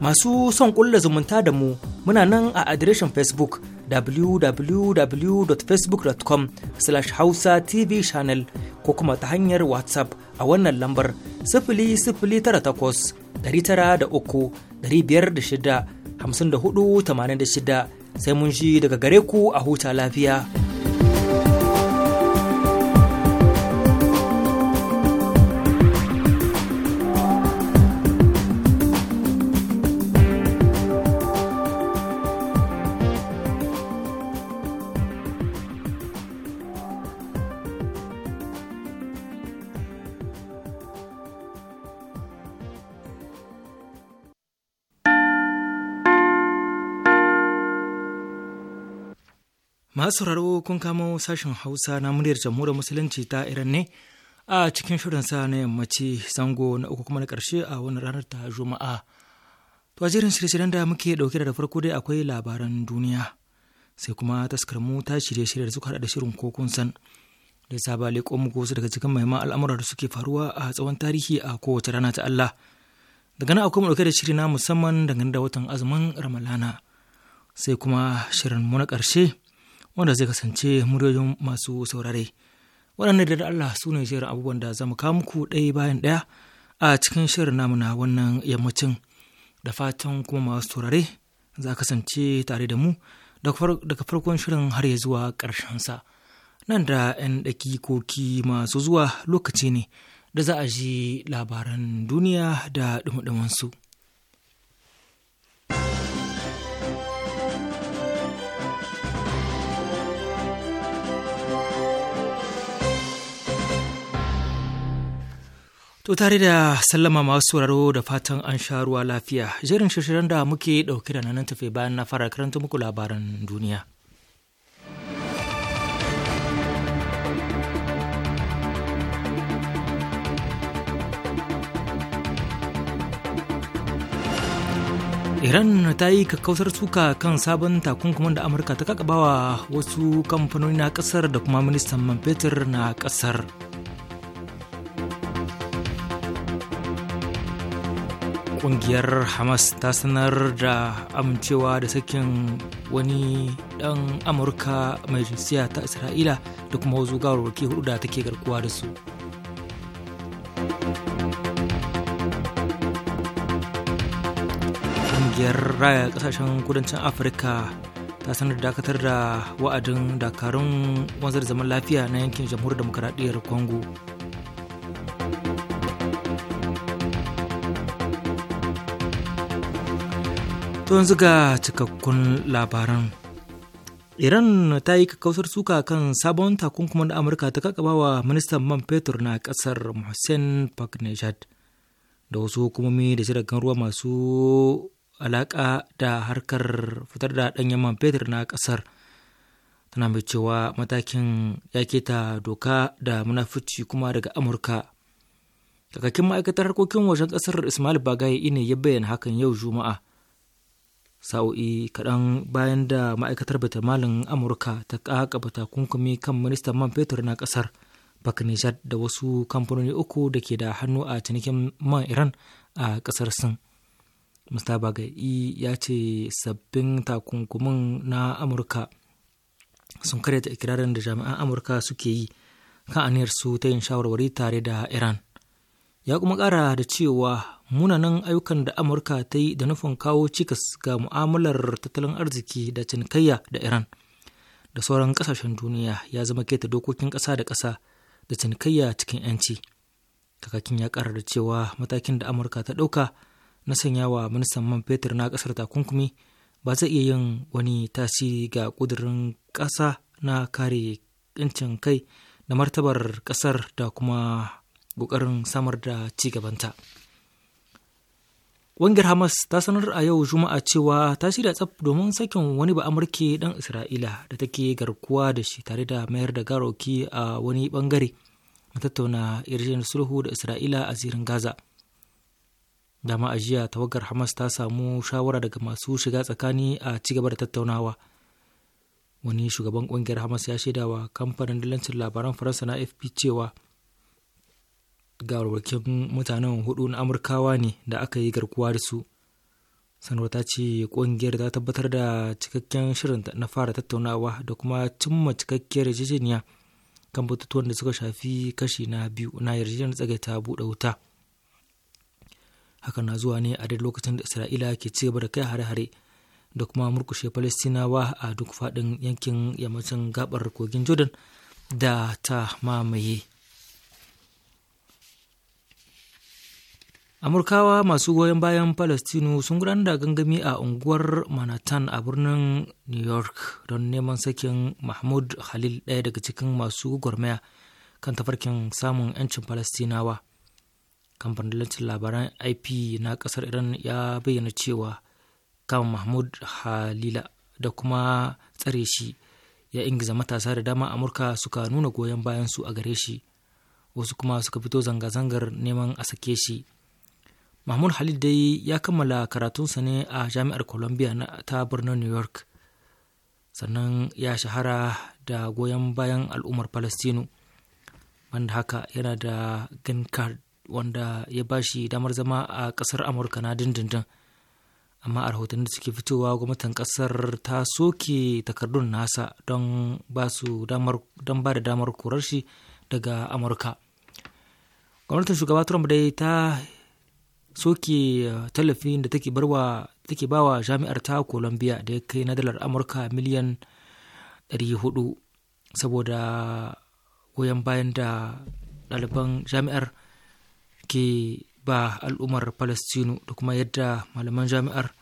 Masu son ƙulla zumunta da mu muna nan a adireshin Facebook www.facebook.com slash Hausa TV channel ko kuma ta hanyar WhatsApp a wannan lambar sifili sifili tara takwas ɗari tara hamsin da hudu tamanin da shida sai mun shi daga gare ku a huta lafiya. Masu sauraro kun kamo sashen Hausa na muryar jamhuriyar Musulunci ta Iran ne a cikin shirin sa na yammaci zango na uku kuma na ƙarshe a wani ranar ta Juma'a. To a shirye-shiryen da muke dauke da farko dai akwai labaran duniya sai kuma taskar mu ta shirye-shirye da suka haɗa da shirin ko kun san da saba leƙo mu wasu daga cikin maiman al'amura da suke faruwa a tsawon tarihi a kowace rana ta Allah. Daga nan akwai mu ɗauke da shiri na musamman dangane da watan azumin Ramalana sai kuma shirin mu na ƙarshe wanda zai kasance muryoyin masu saurare waɗannan da Allah su ne shirin abubuwan da zamu kawo muku ɗaya bayan ɗaya a cikin shirin namuna wannan yammacin da fatan kuma masu saurare za kasance tare da mu daga farkon shirin har ya zuwa sa nan da 'yan ɗakikoki masu zuwa lokaci ne da za a ji labaran duniya da ɗumuɗumansu. su To tare da sallama masu sauraro da fatan an sha ruwa lafiya, jerin shirshiren da muke ɗauke da nan tafe bayan na fara karanta muku labaran duniya. Iran ta yi kakkausar suka kan sabon takunkumin da Amurka ta kakabawa wasu kamfanoni na kasar da kuma ministan man fetur na kasar. kungiyar hamas ta sanar da amincewa da sakin wani dan amurka mai jinsiya ta isra'ila da kuma wasu gawarwaki hudu da take garkuwa da su kungiyar raya kasashen kudancin afirka ta sanar da dakatar da wa'adin dakarun wanzar zaman lafiya na yankin jamhuriyar demokaradiyyar congo To yanzu ga cikakkun labaran. Iran ta yi kakkausar suka kan sabon takunkuma da Amurka ta kakaba wa ministan man fetur na kasar Mohsen Paknejad da wasu hukumomi da shirin ruwa masu alaka da harkar fitar da ɗanyen man fetur na kasar. Tana mai cewa matakin ya keta doka da munafurci kuma daga Amurka. Kakakin ma'aikatar harkokin wajen kasar Ismail Bagaye ne ya bayyana hakan yau Juma'a. sa'o'i kaɗan bayan da ma'aikatar bitamalin amurka ta kakaba takunkumi kan ministan man fetur na ƙasar baknijad da wasu kamfanoni uku da ke da hannu a cinikin man iran a ƙasar sin mista bagai ya ce sabbin takunkumin na amurka sun karyata ikirarin da jami'an amurka suke yi kan aniyar su ta yin shawarwari tare da iran ya kuma ƙara da cewa munanan ayyukan da amurka ta yi da nufin kawo cikas ga mu'amalar tattalin arziki da cinikayya da iran da sauran ƙasashen duniya ya zama keta dokokin ƙasa da ƙasa da cinikayya cikin 'yanci kakakin ya ƙara da cewa matakin da amurka ta ɗauka na sanya wa ministan man fetur na ƙasar takunkumi ba zai iya yin wani tasiri ga ƙudurin ƙasa na kare 'yancin kai da martabar ƙasar da kuma ƙoƙarin samar da ci gabanta. Ƙungiyar Hamas ta sanar a yau Juma'a cewa ta shirya tsaf domin sakin wani ba Amurke ɗan Isra'ila da take garkuwa da shi tare da mayar da garoki a wani bangare, na tattauna yarjejeniyar sulhu da Isra'ila a zirin Gaza. Dama a jiya tawagar Hamas ta samu shawara daga masu shiga tsakani a ci gaba da tattaunawa. Wani shugaban ƙungiyar Hamas ya shaidawa kamfanin dalancin labaran Faransa na AFP cewa gawarwakin mutanen hudu na amurkawa ne da aka yi garkuwa da su sanarwa ta ce kungiyar ta tabbatar da cikakken shirin na fara tattaunawa da kuma cimma cikakkiyar yarjejeniya kan batutuwan da suka shafi kashi na biyu na yarjejeniyar ta buɗe wuta hakan na zuwa ne a duk lokacin da isra'ila ke ci gaba da kai hare-hare da kuma murkushe falastinawa a duk faɗin yankin yammacin gabar kogin jordan da ta mamaye amurkawa masu goyon bayan falastinu sun gudanar da gangami a unguwar manhattan a birnin new york don neman sakin mahmud khalil ɗaya daga cikin masu gwarmaya kan tafarkin samun 'yancin palestinawa kamfanin labaran ip na ƙasar iran ya bayyana cewa kan mahmud halila da kuma tsare shi ya ingiza matasa da dama amurka suka nuna goyon bayan su a gare shi wasu kuma suka fito zanga-zangar neman a sake shi mahmud halil dai ya kammala karatunsa ne a jami'ar columbia ta birnin new york sannan ya shahara da goyon bayan al'ummar palestino wanda haka yana da green card wanda ya ba shi damar zama a ƙasar amurka na dindindin amma a rahoton da suke fitowa gwamnatin ƙasar ta soke takardun nasa don ba su don ba da damar korar shi daga amurka gwamnatin shugaba trump dai ta soke eh, tallafin da take barwa take bawa jami'ar ta Colombia da ya kai nadalar dalar Amurka miliyan 400 saboda goyon bayan da ɗaliban jami'ar ke ba al'ummar Palestinu da kuma yadda malaman jami'ar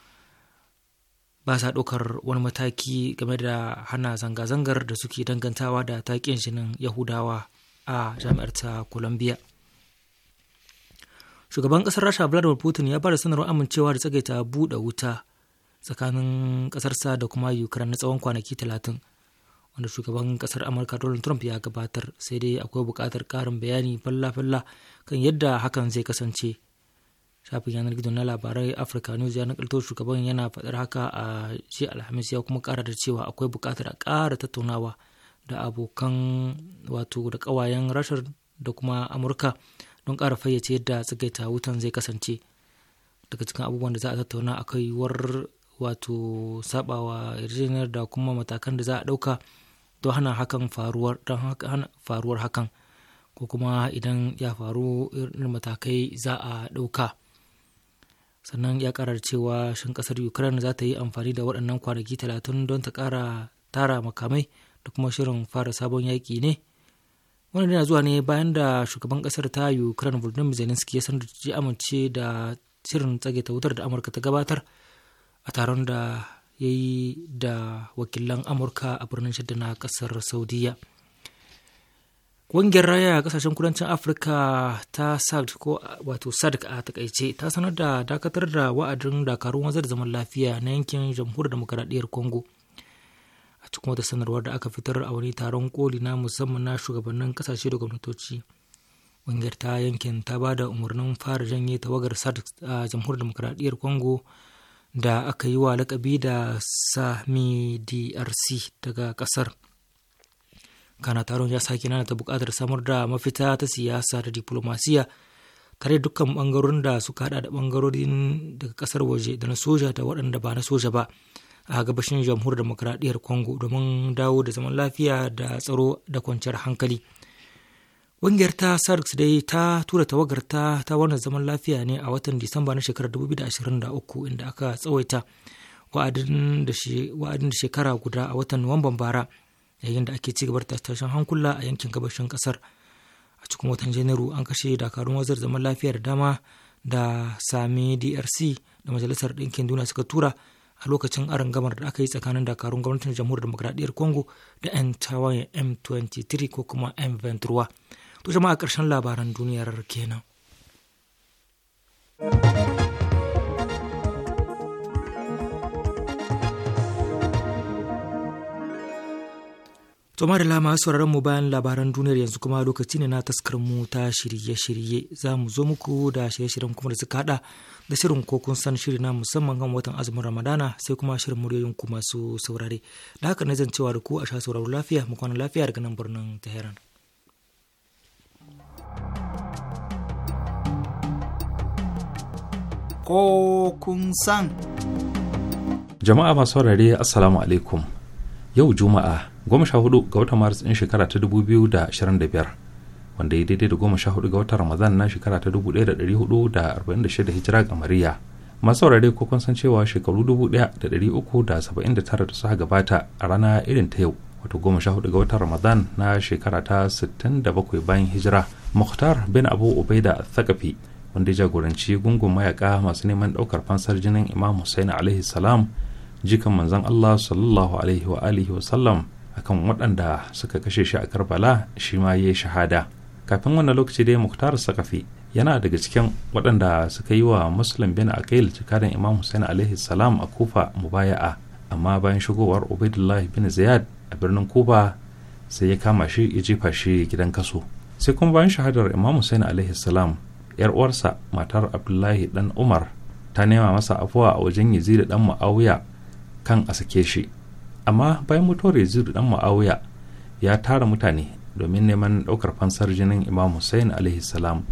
ba sa ɗaukar wani mataki game da hana zanga-zangar da suke dangantawa da taƙin jinin Yahudawa a jami'ar ta Colombia. shugaban kasar rasha vladimir putin ya bada sanarwar amincewa da tsagaita buɗe wuta tsakanin ƙasarsa da kuma ukraine na tsawon kwanaki talatin wanda shugaban kasar amurka donald trump ya gabatar sai dai akwai buƙatar ƙarin bayani falla-falla kan yadda hakan zai kasance shafin yanar gizo na labarai afirka news ya nakalto shugaban yana faɗar haka a shi alhamis ya kuma ƙara da cewa akwai buƙatar a ƙara tattaunawa da abokan wato da kawayen rashar da kuma amurka don ƙara fayyace yadda tsagaita wutan zai kasance daga cikin abubuwan da za a tattauna a kai war wato sabawa yarjejeniyar da kuma matakan da za a ɗauka don hana hakan faruwar don hana faruwar hakan ko kuma idan ya faru irin matakai za a ɗauka sannan ya karar cewa shin ƙasar ukraine za ta yi amfani da waɗannan kwanaki talatin don ta ƙara tara makamai da kuma shirin fara sabon yaƙi ne wannan yana zuwa ne bayan da shugaban kasar ta ukraine volodymyr zelensky ya sanar da amince da shirin ta wutar da amurka ta gabatar a taron da ya yi da wakilan amurka a birnin shidda na kasar saudiya Ƙungiyar raya kasashen kudancin Afirka ta SADC ko wato SADC a takaice ta sanar da dakatar da wa'adin dakarun wanzar zaman lafiya na yankin jamhuriyar demokradiyyar Congo. a cikin wata sanarwar da aka fitar a wani taron koli na musamman na shugabannin kasashe da gwamnatoci ƙungiyar ta yankin ta ba da umarnin fara janye tawagar sadc a jamhuriyar demokradiyyar congo da aka yi wa lakabi da sami drc daga kasar. kana taron ya sake nana ta buƙatar samar da mafita ta siyasa da diplomasiya tare da dukkan bangarorin da suka hada da bangarorin daga kasar waje da na soja da waɗanda ba na soja ba a gabashin jamhur demokradiyyar congo domin dawo da zaman lafiya da tsaro da kwanciyar hankali ƙungiyar ta sarx dai ta tura tawagarta ta wannan zaman lafiya ne a watan disamba na shekarar 2023 inda aka tsawaita wa'adin da shekara guda a watan nuwamban bara yayin da ake cigaba da tashin hankula a yankin gabashin kasar a cikin watan janairu an kashe dakarun wazar zaman lafiya da dama da sami drc da majalisar ɗinkin duniya suka tura a lokacin arangamar da aka yi tsakanin dakarun gwamnatin jamhuriyar demokradiyyar congo da 'yan tawayen m23 ko kuma m23 to jama'a ƙarshen labaran duniyar kenan To da lama sauraron mu bayan labaran duniyar yanzu kuma lokaci ne na taskar mu ta shirye-shirye za mu zo muku da shirye-shiryen kuma da suka hada da shirin ko kun san shiri na musamman kan watan azumin ramadana sai kuma shirin muryoyin ku masu saurare da haka na cewa da ku a sha sauraro lafiya mu kwana lafiya daga nan birnin tehran ko kun san jama'a masu saurare assalamu alaikum yau juma'a goma sha hudu ga watan maris din shekara ta dubu biyu da ashirin da biyar wanda ya daidai da goma sha hudu ga watan ramadan na shekara ta dubu ɗaya da dari hudu da arba'in da shida hijira kamariya masu saurare ko kun san cewa shekaru dubu ɗaya da dari uku da saba'in da tara da suka gabata a rana irin ta yau wato goma sha hudu ga watan ramadan na shekara ta sittin da bakwai bayan hijira muhtar bin abu ubaida thakafi wanda ya jagoranci gungun mayaka masu neman ɗaukar fansar jinin imam hussein alaihi salam jikan manzon allah sallallahu alaihi wa alihi wa sallam akan waɗanda suka kashe shi a karbala shi ma ya yi shahada kafin wannan lokaci dai muktar sakafi yana daga cikin waɗanda suka yi wa muslim bin aqil jikarin imam hussein alaihi salam a kufa mu mubaya'a amma bayan shigowar ubaidullah bin ziyad a birnin kuba sai ya kama shi ya jefa shi gidan kaso sai kuma bayan shahadar imam hussein alaihi salam yar uwarsa matar abdullahi dan umar ta nema masa afuwa a wajen yazid dan muawiya kan a sake shi amma bayan mutuwar yazid dan muawiya ya tara mutane domin neman ɗaukar fansar jinin imam hussein alaihi salam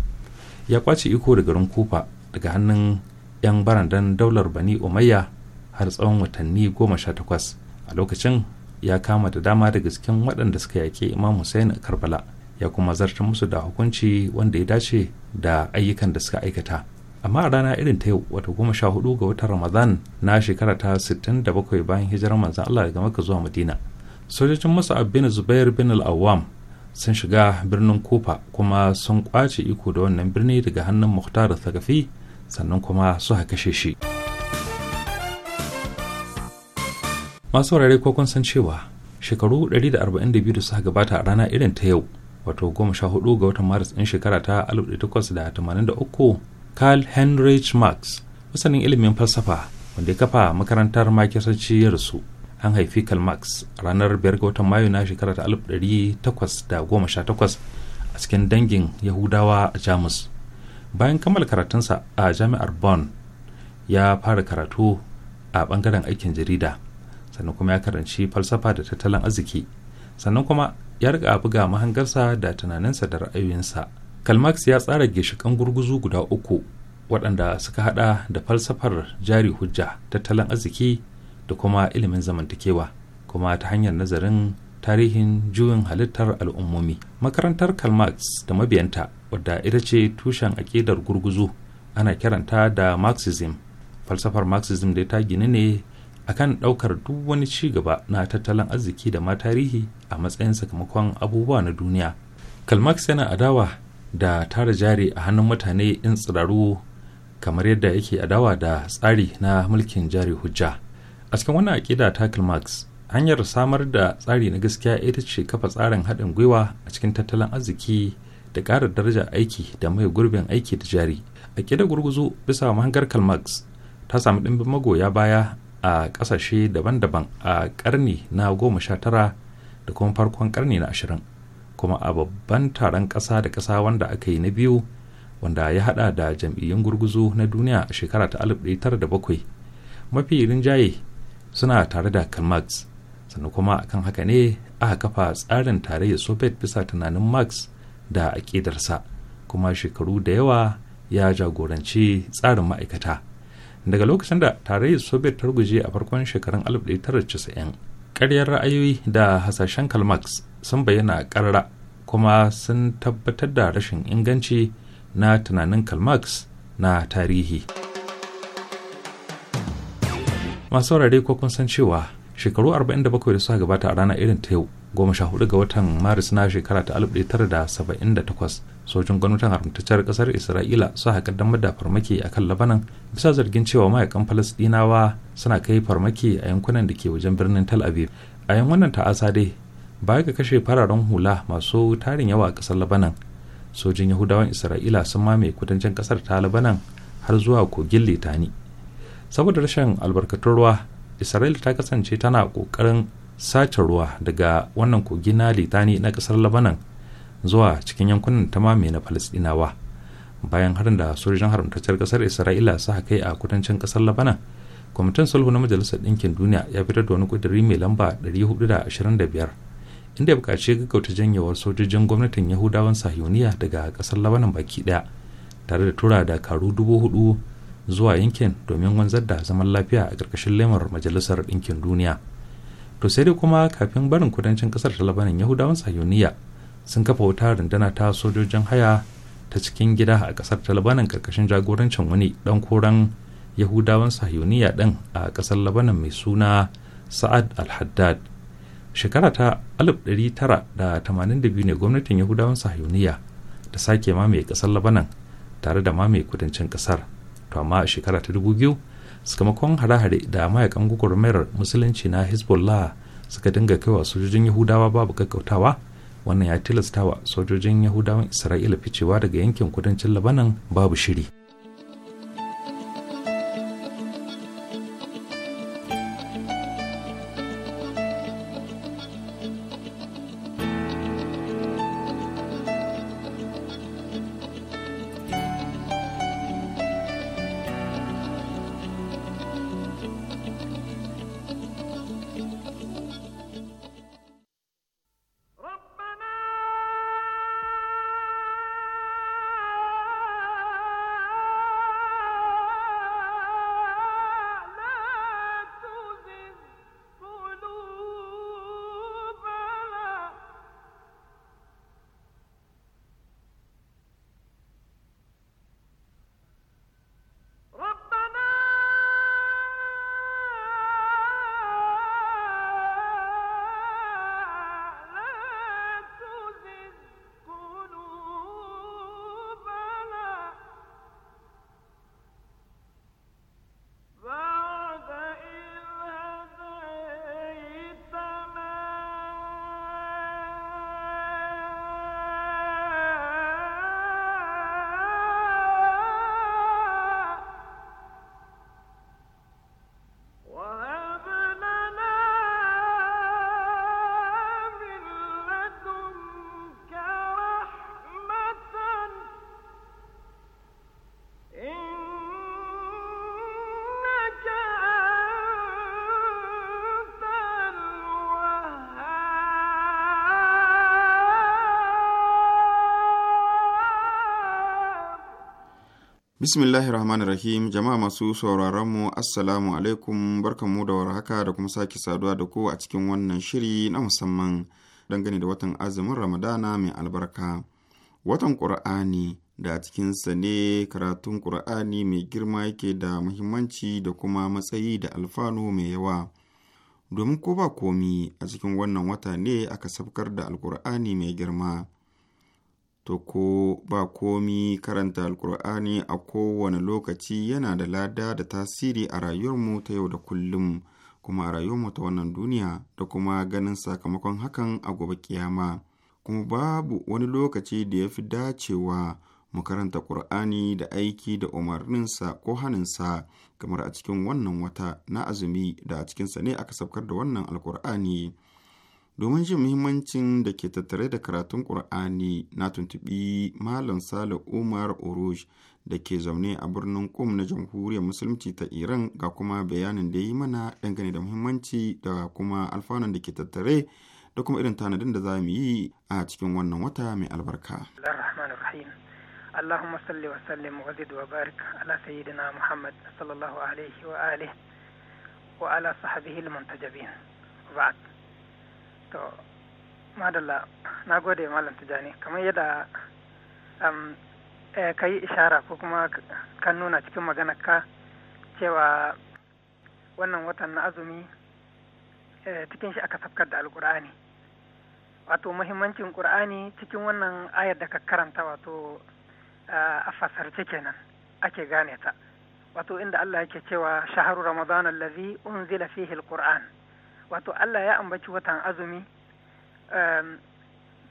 ya kwace iko da garin kufa daga hannun 'yan barandan daular bani umayya har tsawon watanni goma sha takwas a lokacin ya kama da dama daga cikin waɗanda suka yaƙi imam hussein a karbala ya kuma zarta musu da hukunci wanda ya dace da ayyukan da suka aikata amma a rana irin ta yau wata goma sha hudu ga watan ramadan na shekara ta sittin da bakwai bayan hijirar manzan allah daga maka zuwa madina sojojin masu bin zubair bin al-awwam sun shiga birnin kopa kuma sun kwace iko da wannan birni daga hannun muhtar sakafi sannan kuma su kashe shi masu wurare ko kun san cewa shekaru 142 da suka gabata a rana irin ta yau wato 14 ga watan maris ɗin shekara ta 1883 carl heinrich marx masanin ilimin falsafa wanda ya kafa makarantar makisarci ya rasu an haifi karl marx ranar biyar ga watan mayu na shekarar takwas a cikin dangin yahudawa a jamus bayan kammala karatunsa a jami'ar bonn ya fara karatu a bangaren aikin jarida sannan kuma ya karanci falsafa da tattalin arziki sannan kuma ya riga buga mahangarsa da tunaninsa da ra'ayoyinsa karl marx ya tsara gishikan gurguzu guda uku waɗanda suka haɗa da falsafar jari hujja tattalin arziki da kuma ilimin zamantakewa kuma ta hanyar nazarin tarihin juyin halittar al'ummomi makarantar karl da mabiyanta wadda ita ce tushen aƙidar gurguzu ana kiranta da marxism falsafar marxism da ta gini ne a kan ɗaukar duk wani ci gaba na tattalin arziki da ma tarihi a matsayin sakamakon abubuwa na duniya karl yana adawa da tara jari a hannun mutane in tsiraru kamar yadda yake adawa da tsari na mulkin jari hujja a cikin wannan aƙida ta marx hanyar samar da tsari na gaskiya ita ce kafa tsarin haɗin gwiwa a cikin tattalin arziki da ƙara daraja aiki da mai gurbin aiki da jari a ƙida gurguzu bisa mahangar kalmax ta sami ɗimbin magoya baya a ƙasashe daban-daban a ƙarni na goma sha tara da kuma farkon ƙarni na ashirin kuma a babban taron ƙasa da ƙasa wanda aka yi na biyu wanda ya haɗa da jam'iyyun gurguzu na duniya a shekara ta 1907 mafi rinjaye suna tare da karl marx sannan kuma akan haka ne aka kafa tsarin tarayyar soviet bisa tunanin marx da aƙidarsa kuma shekaru da yawa ya jagoranci tsarin ma'aikata daga lokacin da tarayyar soviet ta ruguje a farkon shekarun 1990 karyar ra'ayoyi da hasashen karl marx sun bayyana ƙarara kuma sun tabbatar da rashin inganci na tunanin karl marx na tarihi. masu saurare ko kun san cewa shekaru 47 da suka gabata a rana irin ta yau goma sha hudu ga watan maris na shekara ta alif da da saba'in takwas sojin gwamnatin haramtacciyar kasar isra'ila su haka kaddamar da farmaki a kan labanan bisa zargin cewa mayakan falasɗinawa suna kai farmaki a yankunan da ke wajen birnin tal aviv a yan wannan ta'asa dai baya ga kashe fararen hula masu tarin yawa a kasar labanan sojin yahudawan isra'ila sun mamaye kudancin kasar ta labanan har zuwa kogin litani saboda rashin albarkatun ruwa isra'ila ta kasance tana kokarin sace ruwa daga wannan kogi na litani na ƙasar labanan zuwa cikin yankunan ta mame na falastinawa bayan harin da sojojin haramtacciyar ƙasar isra'ila a kai a kudancin ƙasar labanan kwamitin sulhu na majalisar ɗinkin duniya ya fitar da wani ƙudiri mai lamba 425 inda ya buƙaci gaggauta janyewar sojojin gwamnatin yahudawan sahiyoniya daga ƙasar labanan baki ɗaya tare da tura dakaru dubu hudu zuwa yankin domin wanzar da zaman lafiya a ƙarƙashin lemar majalisar ɗinkin duniya to sai dai kuma kafin barin kudancin ƙasar ta labanin yahudawan sayoniya sun kafa wuta rundana ta sojojin haya ta cikin gida a ƙasar ta labanin ƙarƙashin jagorancin wani ɗan koren yahudawan sayoniya ɗin a ƙasar labanin mai suna sa'ad al-haddad shekara ta 1982 ne gwamnatin yahudawan sahiyuniya ta sake mamaye ƙasar labanan tare da mamaye kudancin ƙasar. fama a shekara ta dubu biyu sakamakon hare-hare da mayakan gwagwarmayar musulunci na hezbollah suka dinga kaiwa sojojin yahudawa babu kakkautawa wannan ya tilastawa sojojin yahudawan isra'ila ficewa daga yankin kudancin labanan babu shiri Bismillahir Rahmanir Rahim, jama'a masu sauraron mu Assalamu alaikum, barkan mu da warhaka da kuma sake saduwa da ku a cikin wannan shiri na musamman dangane da watan azumin Ramadana mai albarka. Watan Ƙur'ani da a cikinsa ne karatun Ƙur'ani mai girma yake da muhimmanci da kuma matsayi da alfano mai yawa. Domin ko ba komi a cikin wannan wata ne aka sabkar da Alƙur'ani mai girma. to ko ba komi karanta alkur'ani a kowane lokaci yana da lada da tasiri a rayuwarmu ta yau da kullum kuma a rayuwarmu ta wannan duniya da kuma ganin sakamakon hakan a gobe kiyama kuma babu wani lokaci da ya fi dacewa mu karanta ƙur'ani da aiki da umarninsa ko haninsa kamar a cikin wannan wata na azumi da a cikinsa ne aka sabkar da wannan alkur'ani Domin jin muhimmancin da ke tattare da karatun Ƙur'ani na tuntuɓi Malam Sale Umar oroj da ke zaune a birnin kum na Jamhuriyar Musulunci ta Iran ga kuma bayanin da ya yi mana dangane da muhimmanci da kuma alfanun da ke tattare da kuma irin tanadin da za mu yi a cikin wannan wata mai albarka. اللهم صل وسلم وزد وبارك muhammad to madalla na gode malam tijani kamar yadda um, eh, ka yi ishara ko kuma ka nuna cikin maganar ka cewa wannan watan na azumi eh, cikin shi aka safkar da alkur'ani wato muhimmancin ƙur'ani cikin wannan ayar da ka karanta wato ah, a fasarce kenan ake gane ta wato inda Allah yake cewa shaharu ramadan allazi unzila fihi alquran wato Allah ya ambaci watan azumi um,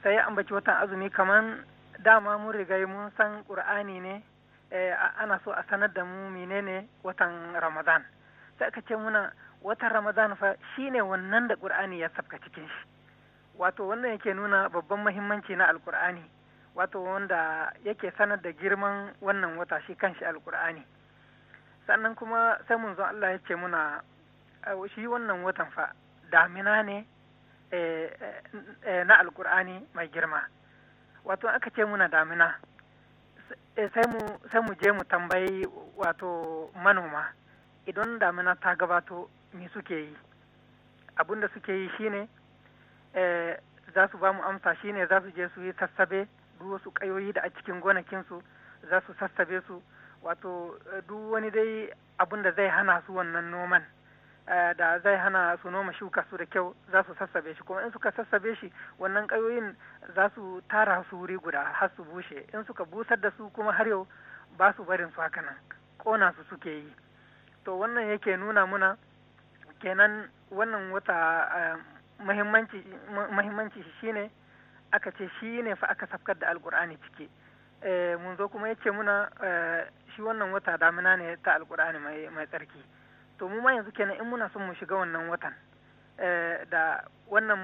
sai ya ambaci watan azumi kaman dama mun riga mun san ƙur'ani ne eh, ana so a sanar da mu menene watan ramadan sai aka ce muna watan ramadan fa shine wannan da ƙur'ani ya sabka cikin shi wato wannan yake nuna babban mahimmanci na alƙur'ani wato wanda yake sanar da girman wannan wata shi kanshi alƙur'ani sannan kuma sai mun zo Allah ya ce muna eh, shi wannan watan fa damina ne eh, eh, eh, na alkur'ani mai girma wato aka ce muna damina sai mu je mu tambayi wato manoma idan damina ta gabato me suke yi abinda suke yi shine za su ba mu amsa shine za su je su yi sassabe duk wasu kayoyi da a cikin gonakinsu za su sassabe su wato duk wani dai abinda zai hana su wannan noman Eh, da zai hana su noma shuka su da kyau za su sassabe shi kuma in suka sassabe shi wannan ƙayoyin za su tara su wuri guda har su bushe in suka busar da su kuma har yau ba su barin su haka nan ƙona su suke yi to wannan yake nuna muna kenan wannan wata eh, muhimmanci shine aka ce shi ne fa aka safkar da alkur'ani ciki eh, mun zo kuma yake muna shi wannan wata damina ne ta alkur'ani mai tsarki to mu ma yanzu kenan in muna son mu shiga wannan watan eh, da wannan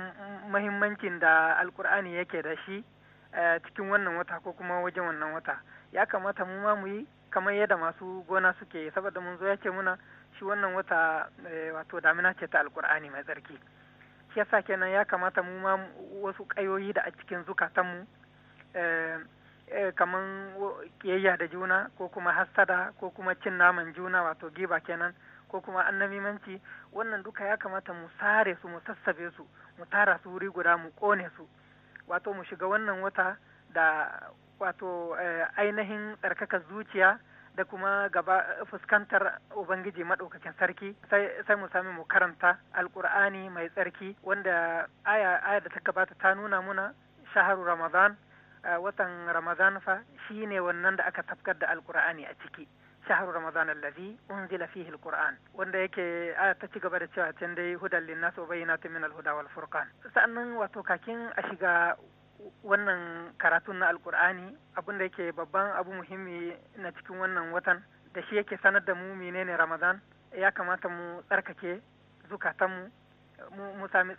mahimmancin da alkur'ani yake da shi eh, cikin wannan wata ko kuma wajen wannan wata ya kamata mu ma mu yi kamar yadda masu gona suke saboda mun zo ya ce muna shi wannan wata eh, wato damina ce ta alkur'ani mai tsarki shi yasa kenan ya kamata mu ma wasu kayoyi da a cikin zukatan mu kamar kiyayya da juna ko kuma hassada ko kuma cin naman juna wato giba kenan ko kuma annabimanci wannan duka ya kamata mu sare su mu sassabe su mu tara su wuri guda mu kone su wato mu shiga wannan wata da wato eh, ainihin tsarkaka zuciya da kuma gaba fuskantar ubangiji maɗaukakin sarki sai mu sami mu karanta alkur'ani mai tsarki wanda aya aya da ta gabata ta nuna muna shaharu ramadan eh, watan ramadan fa shine wannan da aka tafkar da alkur'ani a ciki shahar ramadan allazi unzila fihi alquran wanda yake aya ta ci gaba da cewa can dai hudan linnas wa bayyinatun min alhuda wal furqan sannan wato kakin a shiga wannan karatun na alkur'ani abinda da yake babban abu muhimmi na cikin wannan watan da shi yake sanar da mu menene ramadan ya kamata mu tsarkake zukatanmu mu sami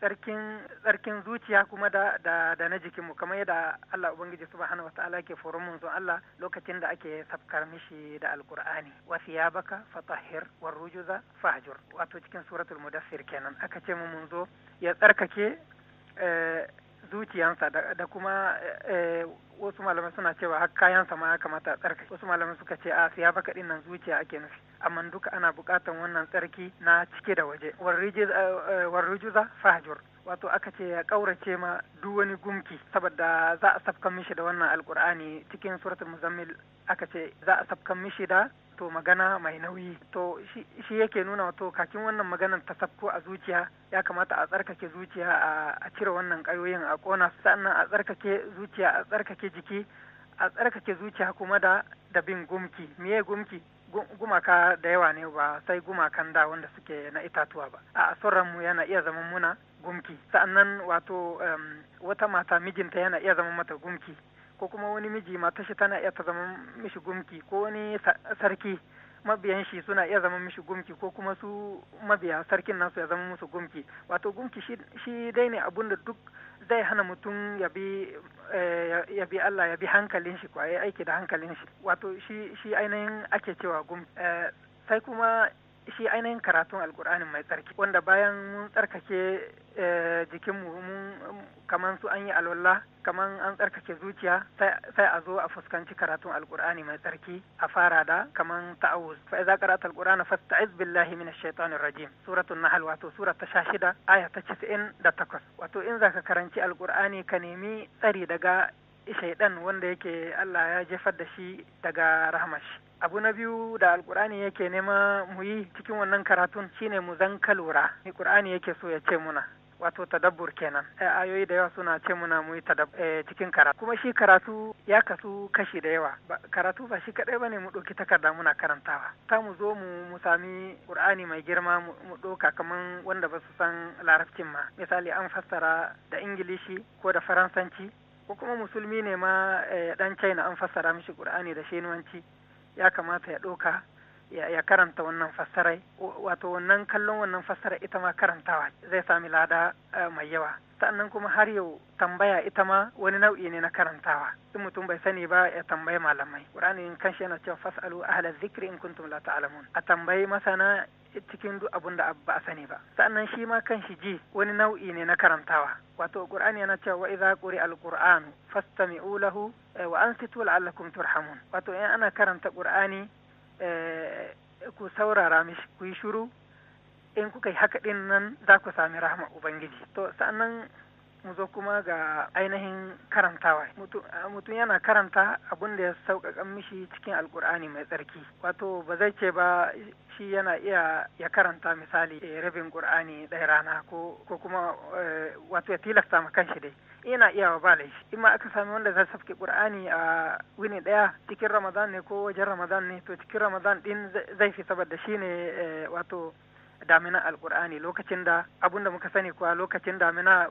tsarkin zuciya kuma da na jikinmu kamar yadda Allah ubangiji subhanahu wataala ke foro mun Allah lokacin da ake safkar mishi da alkur'ani wa thiyabaka fatahir war rujuza fahjur wato cikin suratul mudassir kenan aka ce mu mun zo ya tsarkake eh, zuciyansa da kuma eh, wasu malamai suna cewa har kayansa ma ya kamata a tsarki wasu malamai suka ce a siya baka din nan zuciya ake nufi amma duka ana bukatan wannan tsarki na cike da waje warrujuza eh, fahajur wato aka ce ya kaurace ma duk wani gumki saboda za a safkan mishi da wannan alkur'ani cikin suratul muzammil aka ce za a safkan mishi da to magana mai nauyi to shi yake nuna wato kakin wannan maganar ta sabko a zuciya ya kamata a tsarkake zuciya a cire wannan kayoyin a ƙona sannan a tsarkake zuciya a tsarkake jiki a tsarkake zuciya kuma da da bin gumki miye gumki gumaka da yawa ne ba sai gumakan da wanda suke na itatuwa ba a asoran mu yana iya zama muna gumki sa'annan wato wata mata mijinta yana iya zama mata gumki ko kuma wani miji matar shi tana iya ta zama mishi gumki ko wani sarki mabiyan shi suna iya zama mishi gumki ko kuma su mabiya sarkin nasu ya zama musu gumki wato gumki shi dai ne abun da duk zai hana mutum ya bi eh, Allah ya bi hankalin shi kwaye aiki da hankalin shi wato shi ainihin ake cewa gumki eh, sai kuma shi ainihin karatun alkur'anin mai tsarki wanda bayan mun tsarkake Eh, jikin mu kaman su an yi alwala kaman an tsarkake zuciya sai a zo a fuskanci karatun alkur'ani mai tsarki a fara da kaman ta'awuz fa idza qara'ta alqur'ana fasta'iz billahi minash shaitanir rajim suratul nahl wato sura ta 16 aya ta 98 wato in zaka karanci alkur'ani ka nemi tsari daga shaidan wanda yake Allah ya jefar da shi daga rahmashi abu na biyu da alkur'ani yake nema mu yi cikin wannan karatun shine mu zan kalura lura ƙur'ani yake so ya ce muna wato tadabbur kenan eh, ayoyi da yawa suna ce muna mu yi eh, cikin karatu kuma shi karatu ya kasu kashi da yawa karatu ba shi kadai bane mu ɗauki takarda muna karantawa ta mu zo mu mu sami qur'ani mai girma mu ɗauka kaman wanda ba su san larabcin ma misali an fassara da ingilishi ko da faransanci ko kuma musulmi ne ma dan eh, china an fassara mishi qur'ani da shenuwanci ya kamata ya ɗauka ya karanta wannan fassarai wato wannan kallon wannan fassara ita ma karantawa zai sami lada eh, mai yawa sannan kuma har yau tambaya ita ma wani nau'i ne na karantawa in mutum bai sani ba ya tambayi malamai qur'ani in kanshi yana cewa fasalu ahla zikri in kuntum la ta'lamun a tambayi masana cikin duk abun da ba a sani ba sannan shi ma kanshi ji wani nau'i ne na karantawa wato qur'ani yana cewa wa idza quri'a al-qur'anu fastami'u lahu eh, wa ansitu la'allakum turhamun wato in ana karanta qur'ani Eh, ku saurara mishi ku yi shuru in kuka yi haka ɗin nan za ku sami rahama ubangiji to sannan mu zo kuma ga ainihin karantawa eh, mutum yana karanta abin da ya sauƙaƙa mishi cikin Alƙur'ani mai tsarki wato ba zai ce ba shi yana iya ya karanta misali eh, rabin ƙur'ani ɗaya rana ko kuma wato ya tilasta ma kanshi dai yana iya wa laifi in ma aka sami wanda zai safke qur'ani a wini daya cikin ramadan ne ko wajen ramadan ne to cikin ramadan din zai fi saboda shine eh, wato damina alkur'ani lokacin da abinda muka sani kuwa lokacin damina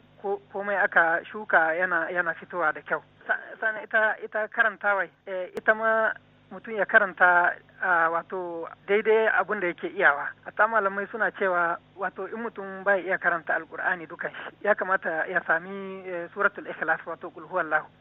komai aka shuka yana yana fitowa da kyau sannan ita ita karantawai eh, ita ma mutum ya karanta wato daidai abin da yake iyawa a ta malamai suna cewa wato in mutum bai iya karanta alkur'ani dukan shi ya kamata ya sami e, suratul ikhlas wato kul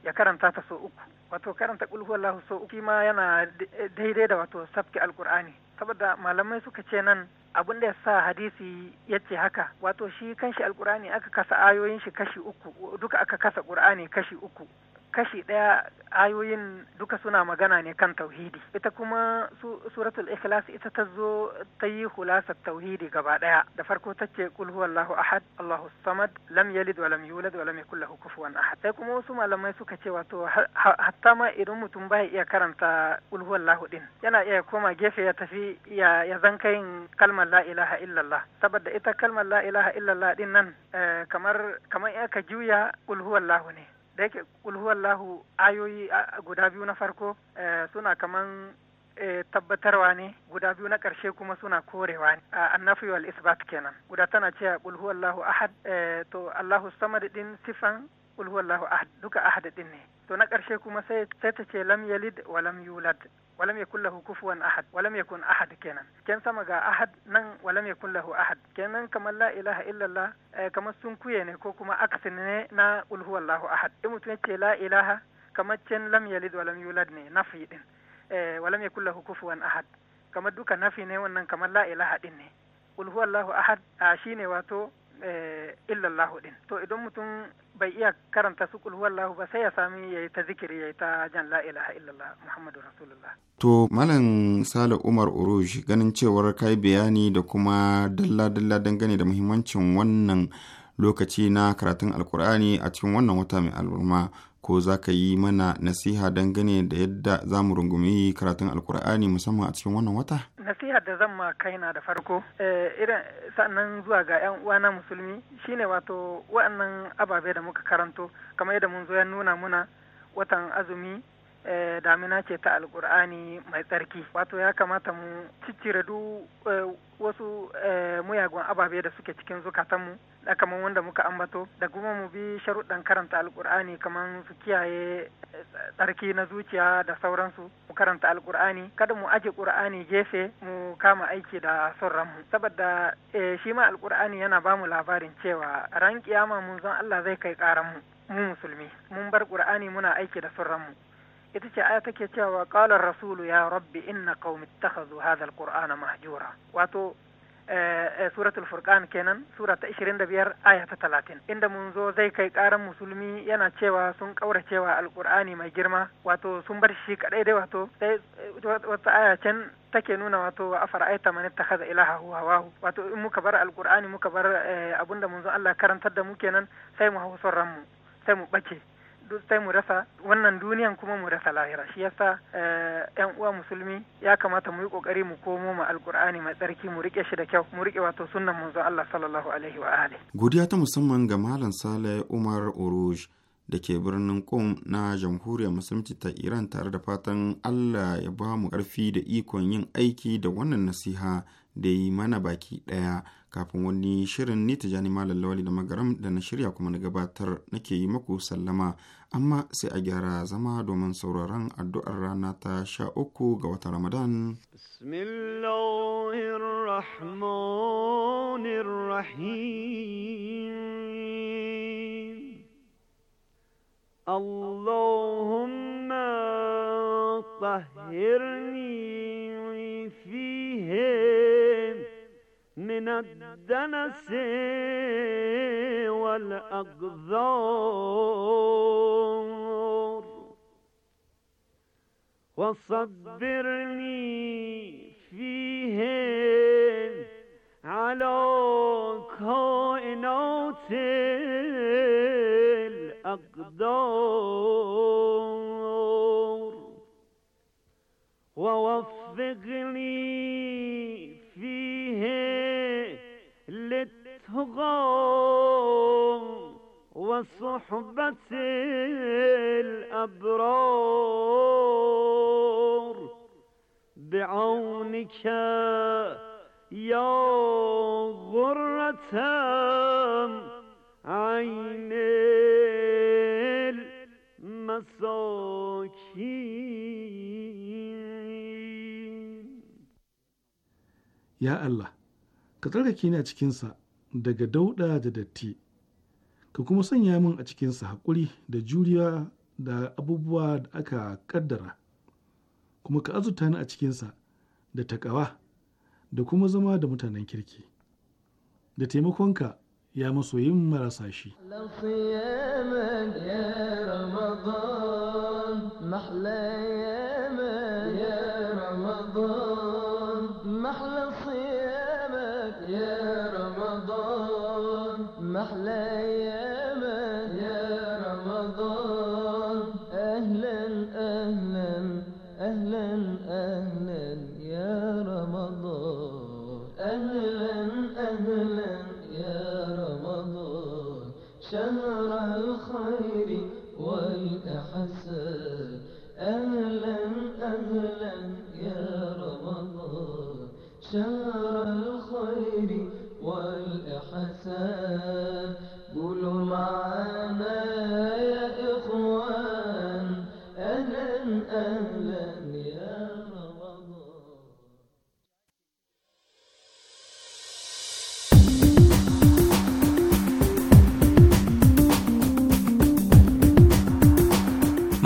ya karanta ta so uku wato karanta kul lahu so uku ma yana e, daidai da wato sabki alkur'ani saboda malamai suka ce nan abin da ya sa hadisi ya ce haka wato shi kanshi alkur'ani aka kasa ayoyin shi kashi uku duka aka kasa qur'ani kashi uku kashi ɗaya ayoyin duka suna magana ne kan tauhidi ita kuma suratul ikhlas ita ta zo ta yi hulasar tauhidi gaba ɗaya da farko ta ce kul huwallahu ahad allahu samad lam yalid wa lam yulad wa lam yakul lahu kufuwan ahad sai kuma wasu malamai suka ce wato hatta ma idan mutum bai iya karanta kul huwallahu din yana iya koma gefe ya tafi ya ya zanka yin kalmar la ilaha illallah saboda ita kalmar la ilaha illallah din nan eh, kamar kamar ya ka juya kul huwallahu ne da yake kulhuwallahu ayoyi guda biyu na farko eh, suna kaman eh, tabbatarwa ne guda biyu na ƙarshe kuma suna korewa ne annafi wal isbat kenan guda tana cewa kulhuwallahu ahad eh, to allahu samad din sifan kulhuwallahu ahad duka ahad din ne to na ƙarshe kuma sai sai ta ce lam yalid wa lam yulad wa lam yakul lahu kufuwan ahad wa lam yakun ahad kenan ken sama ga ahad nan wa lam yakul lahu ahad kenan kamar la ilaha illallah eh, kamar sun kuye ne ko kuma aksin ne na qul huwallahu ahad in mutum ce la ilaha kamar can lam yalid wa lam yulad ne nafi din eh, wa lam yakul lahu kufuwan ahad kamar duka nafi ne wannan kamar la ilaha din ne qul huwallahu ahad shine wato Eh, illallahu din to idan mutum bai iya karanta su kul ba sai ya sami yayi ta zikiri yayi ta jan la ilaha illallah muhammadu rasulullah to malam sale umar uruj ganin cewar kai bayani da kuma dalla dalla dangane da muhimmancin wannan lokaci na karatun alkur'ani a cikin wannan wata mai al'umma ko za ka yi mana nasiha dangane da yadda za mu rungumi karatun alkur'ani musamman a cikin wannan wata? Nasiha da zan ma na da farko eh, irin sannan zuwa ga 'yan uwana musulmi shine wato wa'annan ababe da muka karanto kamar yadda mun zo ya nuna muna watan azumi eh, damina ce ta alkur'ani mai tsarki wato ya kamata mu ciccire duk eh, wasu muyagun ababe da suke cikin zukatanmu kamar wanda muka ambato da kuma mu bi sharuɗan karanta alkur'ani kamar su kiyaye eh, tsarki na zuciya da sauransu mu karanta alkur'ani kada mu aje ƙurani gefe mu kama aiki da son ranmu saboda eh, shi ma alkur'ani yana ba mu labarin cewa ran kiyama mun zan Allah zai kai ƙaran mu mu musulmi mun bar ƙur'ani muna aiki da son ranmu ita ce aya take cewa qala rasulu ya rabbi inna qaumi ittakhadhu hadha alqur'ana mahjura wato suratul furqan kenan sura ta 25 aya ta 30 inda mun zo zai kai karan musulmi yana cewa sun cewa alqur'ani mai girma wato sun bar shi kadai dai wato sai wata aya can take nuna wato wa afara'aita man ittakhadha ilaha huwa hawahu wato in muka bar alqur'ani muka bar abinda mun zo Allah karantar da mu kenan sai mu hau son ranmu sai mu bace duk sai mu rasa wannan duniyan kuma mu rasa lahira shi yasa yan eh, uwa musulmi ya kamata mu yi kokari mu komo mu alkur'ani mai tsarki mu rike shi da kyau mu rike wato sunnan manzo Allah sallallahu alaihi wa alihi godiya ta musamman ga malam Sale Umar Uruj da ke birnin Qom na jamhuriyar musulunci ta Iran tare da fatan Allah ya ba mu karfi da ikon yin aiki da wannan nasiha da yi mana baki ɗaya kafin wani shirin ni tijani malam lawali da magaram da na shirya kuma na gabatar nake yi maku sallama amma sai a gyara zama domin sauraron addu'ar rana ta sha uku ga wata ramadan اللهم طهرني من الدنس والأقذار وصبرني فيهن على كائنات الأقدار ووفقني فيه للتغام وصحبة الأبرار بعونك يا غرة عين المساكين Ya Allah, ka tsarkake ni a cikinsa daga dauɗa da datti, ka kuma sanya min a cikinsa haƙuri da juriya da abubuwa da aka ƙaddara, kuma ka azurta ni a cikinsa da takawa da kuma zama da mutanen kirki. Da taimakonka ya masoyin marasa shi. صيامك يا رمضان محلى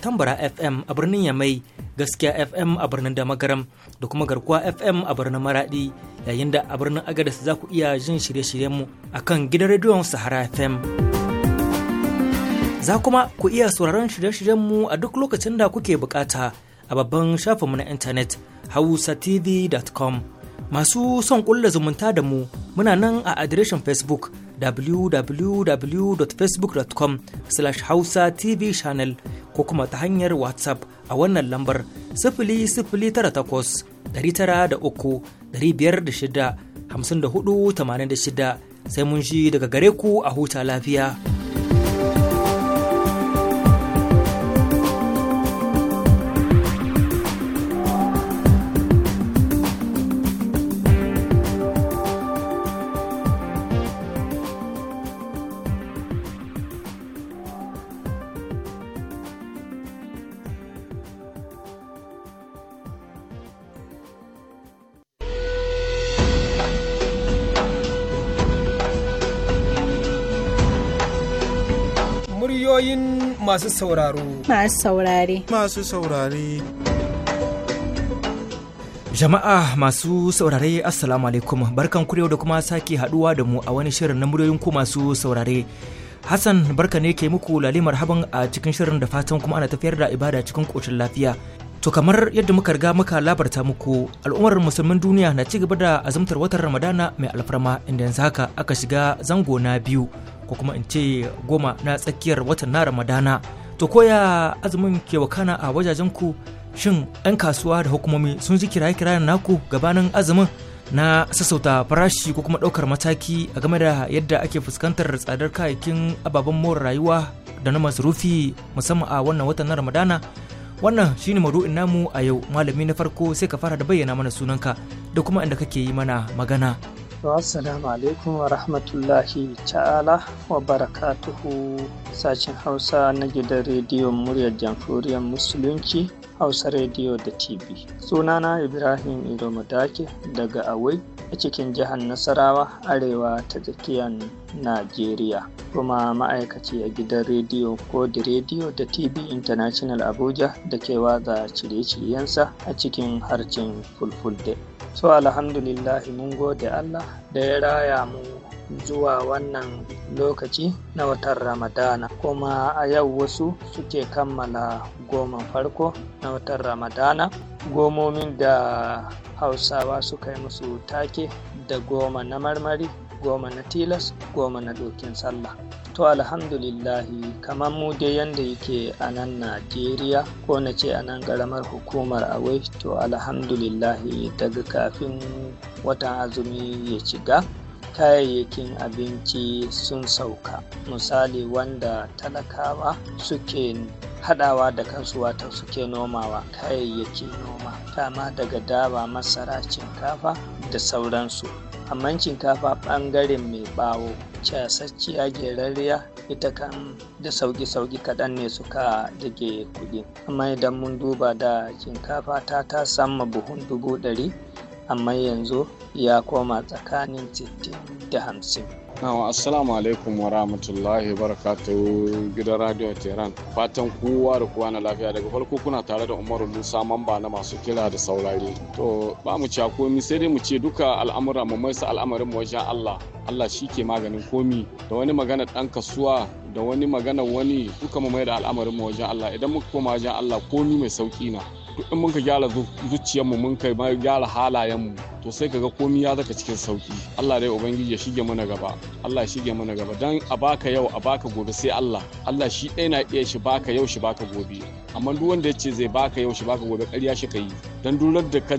tambara fm a birnin yamai gaskiya fm a birnin damagaram da kuma garkuwa fm a birnin maradi yayin da a birnin agadas za ku iya jin shirye-shiryenmu a kan gidan rediyon sahara fm za kuma ku iya sauraron shirye-shiryenmu a duk lokacin da kuke bukata a babban shafinmu na intanet hausatv.com Masu son ƙulla zumunta da mu muna nan a adireshin Facebook www.facebook.com slash hausa tv channel ko kuma ta hanyar WhatsApp a wannan lambar sifili sifili da takwas tara uku biyar shida hamsin sai mun shi daga gare ku a huta lafiya. masu sauraro. Masu saurare. Masu saurare. Jama'a masu saurare Assalamu alaikum barkan kurewa da kuma sake haduwa da mu a wani shirin na muryoyin ku masu saurare. Hassan barka ne ke muku lalimar haban a cikin shirin da fatan kuma ana tafiyar da ibada cikin ƙoshin lafiya. To kamar yadda muka riga muka labarta muku al'ummar musulmin duniya na cigaba da azumtar watan Ramadana mai alfarma inda yanzu haka aka shiga zango na biyu ko kuma in ce goma na tsakiyar watan na ramadana to koya azumin ke wakana a wajajen ku shin 'yan kasuwa da hukumomi sun ji kiraye-kirayen naku gabanin azumin na sassauta farashi ko kuma ɗaukar mataki a game da yadda ake fuskantar tsadar kayayyakin ababen more rayuwa da na masarufi musamman a wannan watan na ramadana wannan shine maru'in namu a yau malami na farko sai ka fara da bayyana mana sunanka da kuma inda kake yi mana magana Assalamu alaikum wa rahmatullahi ta'ala wa barakatuhu sashen Hausa na gidan rediyon muryar jamhuriyar Musulunci Hausa Rediyo da TV. Sunana Ibrahim Idomadake daga Awai a cikin jihar Nasarawa Arewa ta tsakiyar Najeriya kuma ma'aikaci a gidan rediyo ko Kodi Rediyo da TV International Abuja da ke watsa shirye-shiryensa a cikin harshen Fulfulde. so alhamdulillahi mun gode Allah da ya raya mu zuwa wannan lokaci na watan ramadana kuma a yau wasu suke kammala goma farko na watan ramadana gomomin da hausawa suka yi musu take da goma na marmari goma na tilas goma na dokin sallah to alhamdulillahi kamar mu dai yanda yake a nan najeriya ko na ce a nan karamar hukumar awai to alhamdulillahi daga kafin watan azumi ya shiga kayayyakin abinci sun sauka misali wanda talakawa suke hadawa da kansu wata suke nomawa kayayyakin noma kama daga dawa masara shinkafa da sauransu amman shinkafa ɓangaren mai ɓawo casacciya gerarriya ita kan da sauki-sauki kaɗan ne suka dage kuɗi amma idan mun duba da shinkafa ta ta sama buhun dubu ɗari amma yanzu ya koma tsakanin 60 da 50 assalamu alaikum wa rahmatullahi barakatuhu gidan radio tehran fatan kowa da kowa na lafiya daga farko kuna tare da umaru musa mamba na masu kira da saurari to ba mu ci komi sai dai mu ce duka al'amura mu maisa al'amarin mu wajen allah allah shi ke maganin komi da wani magana dan kasuwa da wani magana wani duka mu mai da al'amarin mu wajen allah idan muka koma wajen allah komi mai sauki na in mun ka gyara zuciyarmu mun ka gyara halayenmu to sai ka ga komi ya zaka cikin sauki Allah dai ubangiji ya shige mana gaba Allah ya shige mana gaba dan a baka yau a baka gobe sai Allah Allah shi ɗaya na iya shi baka yau shi baka gobe amma duk wanda yace zai baka yau shi baka gobe ƙarya shi kai dan durar da ka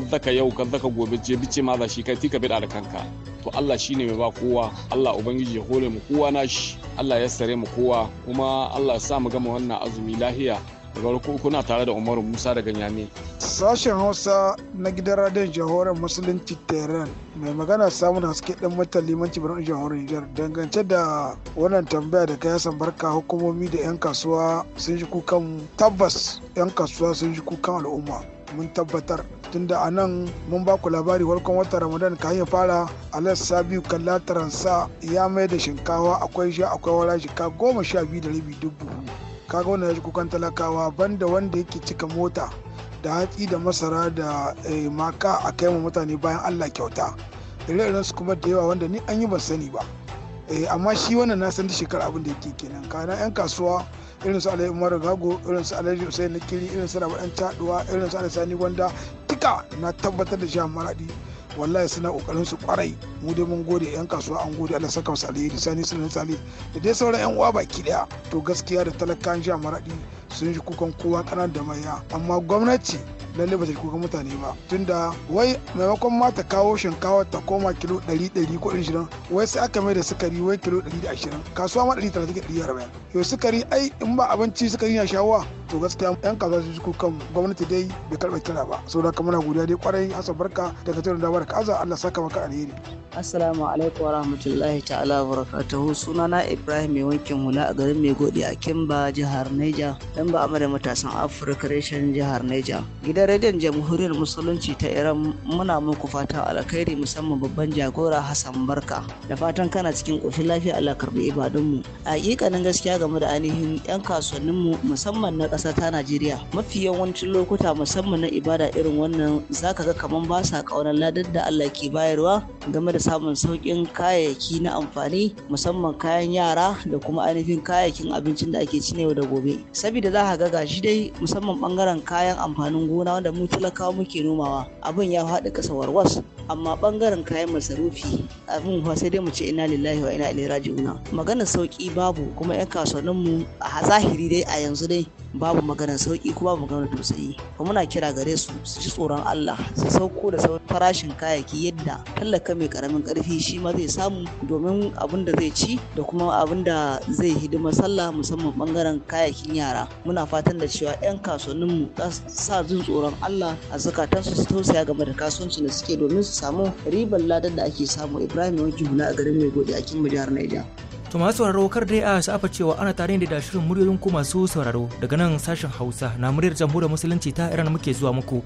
zaka yau ka zaka gobe je bice ma za shi kai tika bida da kanka to Allah shi ne mai ba kowa Allah ubangiji ya hore mu kowa na shi Allah ya sare mu kowa kuma Allah ya sa mu gama wannan azumi lahiya daga kuna tare da umaru musa daga nyame sashen hausa na gidan radiyon jihohoren musulunci tehran mai magana samun haske dan matan limanci birnin jihohoren nijar dangance da wannan tambaya da kayan sambarka hukumomi da 'yan kasuwa sun shi kukan tabbas 'yan kasuwa sun shi kukan al'umma mun tabbatar tunda a nan mun ba ku labari farkon watan ramadan ka ya fara alassa biyu kalla sa ya mai da shinkawa akwai sha akwai wala shika goma sha biyu da rabi dubu kaga wannan ya kukan talakawa banda wanda yake cika mota da hatsi da masara da eh, maka a kai mutane bayan allah kyauta ire-iren su kuma da yawa wanda ni an yi ban sani ba eh, amma shi wannan na san da shekara abin da yake kenan kana yan kasuwa irin su alayi umaru gago irin su alayi na kiri irin su rabu dan caduwa irin su alayi sani gwanda tika na tabbatar da shi maradi wallahi suna kokarin su kwarai mu dai mun gode yan kasuwa an gode Allah saka su alheri sani sunan sali da dai sauran yan uwa baki daya to gaskiya da talakan jama'a maradi sun ji kukan kowa kanar da manya amma gwamnati lalle ba ta kuka mutane ba tunda wai maimakon ma ta kawo shinkawa ta koma kilo 100 ko 20 wai sai aka mai da sukari wai kilo 120 kasuwa ma 130 140 yau sukari ai in ba abinci sukari ya shawa to gaskiya yan kaza su ji kukan gwamnati dai bai karɓa kira ba saboda kamar godiya dai kwarai hasan barka daga tare da barka azza Allah saka maka alheri assalamu alaikum warahmatullahi ta'ala wa barakatuhu sunana Ibrahim mai wankin hula a garin godi a Kimba jihar Niger Demba ba matasan afirka reshen jihar neja gidan rediyon jamhuriyar musulunci ta iran muna muku fatan alkhairi musamman babban jagora hassan barka da fatan kana cikin ƙoshin lafiya allah karbi ibadunmu a ƙiƙanin gaskiya game da ainihin yan kasuwanninmu musamman na ƙasa ta najeriya mafi yawancin lokuta musamman na ibada irin wannan zaka ga kaman ba sa ƙaunar ladar da allah ke bayarwa game da samun sauƙin kayayyaki na amfani musamman kayan yara da kuma ainihin kayayyakin abincin da ake ci na yau da gobe saboda za ka ga gashi dai musamman bangaren kayan amfanin gona wanda mu talakawa muke nomawa abin ya faɗi ƙasa warwas amma bangaren kayan masarufi abin fa sai dai mu ce ina lillahi wa ina ilaihi raji'una maganar sauki babu kuma yan kasuwannin mu a zahiri dai a yanzu dai babu maganar sauki kuma babu maganar tausayi kuma muna kira gare su su ji tsoron Allah su sauko da sauran farashin kayayyaki yadda tallaka mai karamin karfi shi ma zai samu domin abin da zai ci da kuma abin da zai hidima sallah musamman bangaren kayayyakin yara muna fatan da cewa 'yan kasuwanninmu za su sa jin tsoron Allah a zakatansu su tausaya game da kasuwanci da suke domin su samu ribar ladar da ake samu Ibrahim Yawanci Huna a garin Maigode a kin jihar naija To masu sauraro kar dai a sha'afa cewa ana tare da shirin muryoyin ku masu sauraro daga nan sashen Hausa na muryar jamhuriyar musulunci ta Iran muke zuwa muku.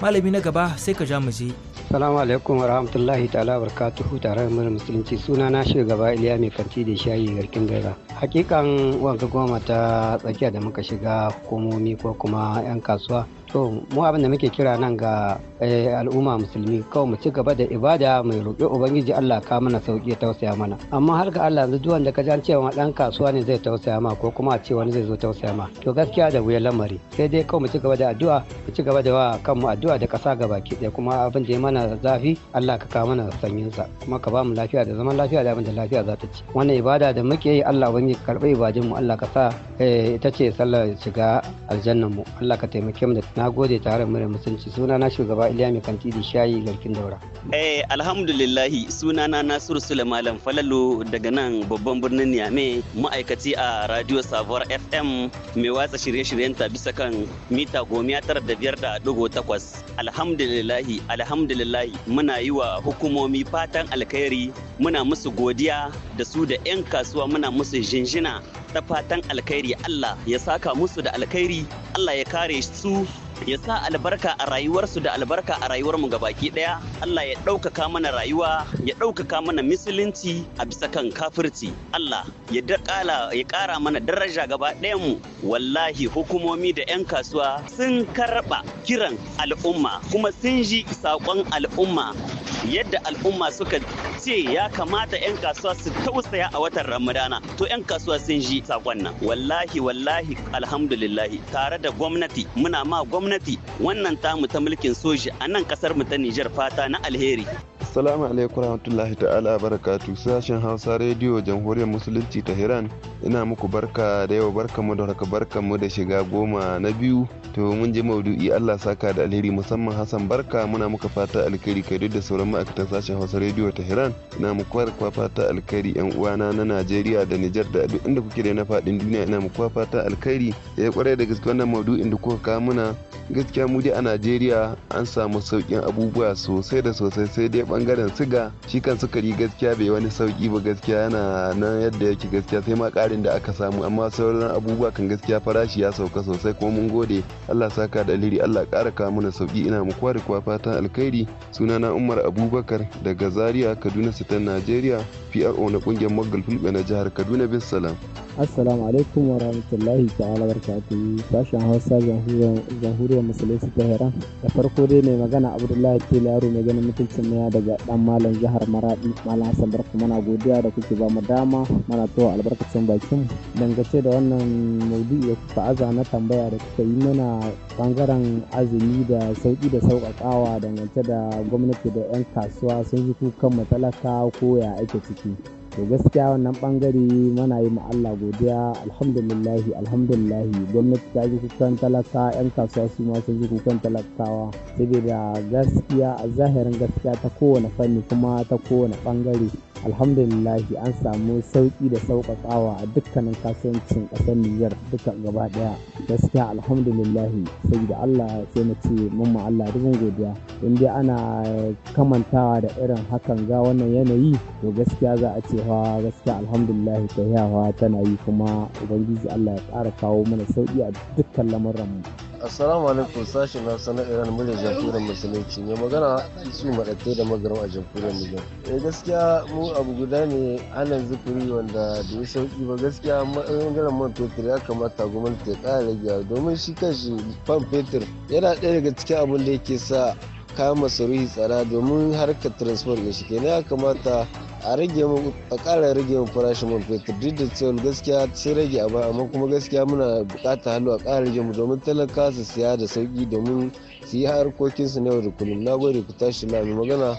malami na gaba sai ka ja mu je Salamu alaikum wa rahmatullahi ta'ala wa barakatuhu tare da musulunci suna na shugaba Iliya mai kanti da shayi garkin gaira. Hakikan wanka goma ta tsakiya da muka shiga hukumomi ko kuma 'yan kasuwa. To mu abin da muke kira nan ga Eh, al'umma musulmi kawai mu ci gaba da ibada mai roƙi ubangiji Allah ka mana sauki ya tausaya mana amma har ga Allah yanzu duk wanda ka jan cewa dan kasuwa ne zai tausaya ma ko kuma a ce wani zai zo tausaya ma to gaskiya da wuya lamari sai dai kawai mu ci gaba da addu'a mu ci gaba da wa kanmu addu'a da ƙasa gaba ki ɗaya kuma abin da ya mana zafi Allah ka kawo mana sanyin sa kuma ka ba mu lafiya da zaman lafiya da abin da lafiya za ta ci wannan ibada da muke yi Allah ubangiji ka karɓi ibadun mu Allah ka sa eh, ita ce sallar shiga aljannan mu Allah ka taimake mu da nagode tare mu da mutunci suna na shugaba Iliya mai kanti da shayi garkin daura. Eh alhamdulillahi sunana Nasiru Malam Falalo daga nan babban birnin Niamey ma'aikaci a Radio Sabuwar FM mai watsa shirye-shiryen ta bisa kan mita goma tara da biyar da dugo takwas. Alhamdulillahi alhamdulillahi muna yi wa hukumomi fatan alkhairi muna musu godiya da su da 'yan kasuwa muna musu jinjina ta fatan alkhairi Allah ya saka musu da alkhairi Allah ya kare su ya sa albarka a rayuwarsu da albarka a rayuwarmu gabaki ɗaya Allah ya ɗaukaka mana rayuwa ya ɗaukaka mana musulunci a bisa kan kafirci Allah ya daƙala ya ƙara mana daraja gaba mu wallahi hukumomi da 'yan kasuwa sun karɓa kiran al'umma kuma sun ji saƙon al'umma yadda al'umma suka ce ya kamata 'yan kasuwa su tausaya a watan ramadana to 'yan kasuwa sun ji saƙon nan wallahi wallahi alhamdulillahi tare da gwamnati muna ma gwamnati gwamnati wannan tamu ta mulkin soji a nan kasar mu ta Nijar fata na alheri Assalamu alaikum warahmatullahi ta'ala barakatu sashen Hausa rediyo Jamhuriyar Musulunci ta Iran ina muku barka da yau barka mu da raka barka mu da shiga goma na biyu to mun je maudu'i Allah saka da alheri musamman Hassan barka muna muka fata alkhairi kai duk da sauran ma'aikatan sashen Hausa rediyo ta Iran ina muku barka fata alkhairi yan uwana na Najeriya da Nijar da duk inda kuke da na fadin duniya ina muku fata alkhairi ya eh, kwarai da gaske wannan maudu'in da kuka kawo muna gaskiya mu dai a Najeriya an samu sauƙin abubuwa sosai da sosai sai dai bangaren siga shi kan sukari gaskiya bai wani sauki ba gaskiya yana na yadda yake gaskiya sai ma karin da aka samu amma sauran abubuwa kan gaskiya farashi ya sauka sosai kuma mun gode Allah saka da alheri Allah kara kawo mana sauki ina mu kwari kuwa fatan alkhairi sunana Umar Abubakar daga Zaria Kaduna Sitan nigeria PRO na kungiyar Magal Fulbe na jihar Kaduna bin salam Assalamu alaikum wa rahmatullahi ta'ala barkatuhu sashen Hausa jamhuriyar musulunci ta da farko dai mai magana Abdullahi Tela yaro mai ganin mutuncin maya daga daga dan malam jihar maradi malam hassan barka mana godiya da kuke ba mu dama mana to albarkacin bakin dangace da wannan maudu'i da kuka aza na tambaya da kuka yi mana bangaren azumi da sauki da sauƙaƙawa dangance da gwamnati da 'yan kasuwa sun yi kukan matalaka ko ya ake ciki to gaskiya wannan bangare mana yi ma Allah godiya alhamdulillahi alhamdulillahi gwamnati ta ji kukan talaka yan kasuwa su ma sun ji kukan talakawa saboda gaskiya a zahirin gaskiya ta kowane fanni kuma ta kowane bangare alhamdulillahi an samu sauki da sauƙaƙawa a dukkanin kasuwancin ƙasar Nijar duka gaba ɗaya gaskiya alhamdulillahi saboda Allah sai na ce mun ma Allah dubin godiya in dai ana kamantawa da irin hakan ga wannan yanayi to gaskiya za a ce fa gaskiya alhamdulillah tahiyawa tana yi kuma ubangiji Allah ya ƙara kawo mana sauki a dukkan lamuran mu Assalamu alaikum sashi na na Iran murya jamhuriyar musulunci ne magana su maɗaɗe da magaram a jamhuriyar Nijar. Eh gaskiya mu abu guda ne halin zikiri wanda da ya sauki ba gaskiya ɓangaren man fetur ya kamata gwamnati ya ƙara rage domin shi kanshi fan fetur yana ɗaya daga cikin abin da yake sa kayan masarufi tsara domin harkar transport ya shi kenan ya kamata a rage a ƙara rage mu farashin man fetur duk da cewa gaskiya sai rage a ba amma kuma gaskiya muna bukatar halu a ƙara rage mu domin talaka su siya da sauki domin su yi harkokinsu na yau da kullum na gode ku tashi na mai magana